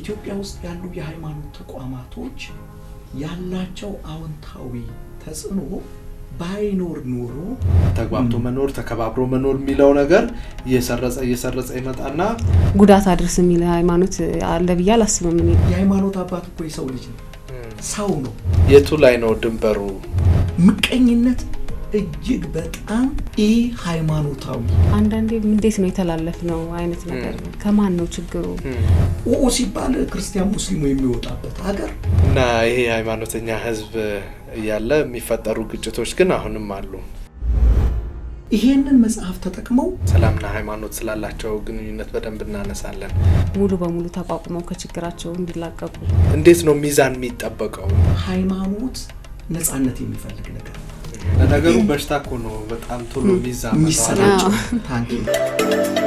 ኢትዮጵያ ውስጥ ያሉ የሃይማኖት ተቋማቶች ያላቸው አዎንታዊ ተጽዕኖ ባይኖር ኖሮ ተግባብቶ መኖር ተከባብሮ መኖር የሚለው ነገር እየሰረጸ እየሰረጸ ይመጣና ጉዳት አድርስ የሚል ሃይማኖት አለ ብዬ አላስብም። የሃይማኖት አባት እኮ የሰው ልጅ ነው፣ ሰው ነው። የቱ ላይ ነው ድንበሩ? ምቀኝነት እጅግ በጣም ኢ ሃይማኖታዊ አንዳንዴ እንዴት ነው የተላለፍ ነው አይነት ነገር ከማን ነው ችግሩ ኦ ሲባል ክርስቲያን ሙስሊሙ የሚወጣበት ሀገር እና ይሄ ሃይማኖተኛ ህዝብ እያለ የሚፈጠሩ ግጭቶች ግን አሁንም አሉ። ይሄንን መጽሐፍ ተጠቅመው ሰላምና ሃይማኖት ስላላቸው ግንኙነት በደንብ እናነሳለን። ሙሉ በሙሉ ተቋቁመው ከችግራቸው እንዲላቀቁ እንዴት ነው ሚዛን የሚጠበቀው? ሃይማኖት ነጻነት የሚፈልግ ነገር ነው? ነገሩ በሽታ እኮ ነው። በጣም ቶሎ ሚዛ ታንኪ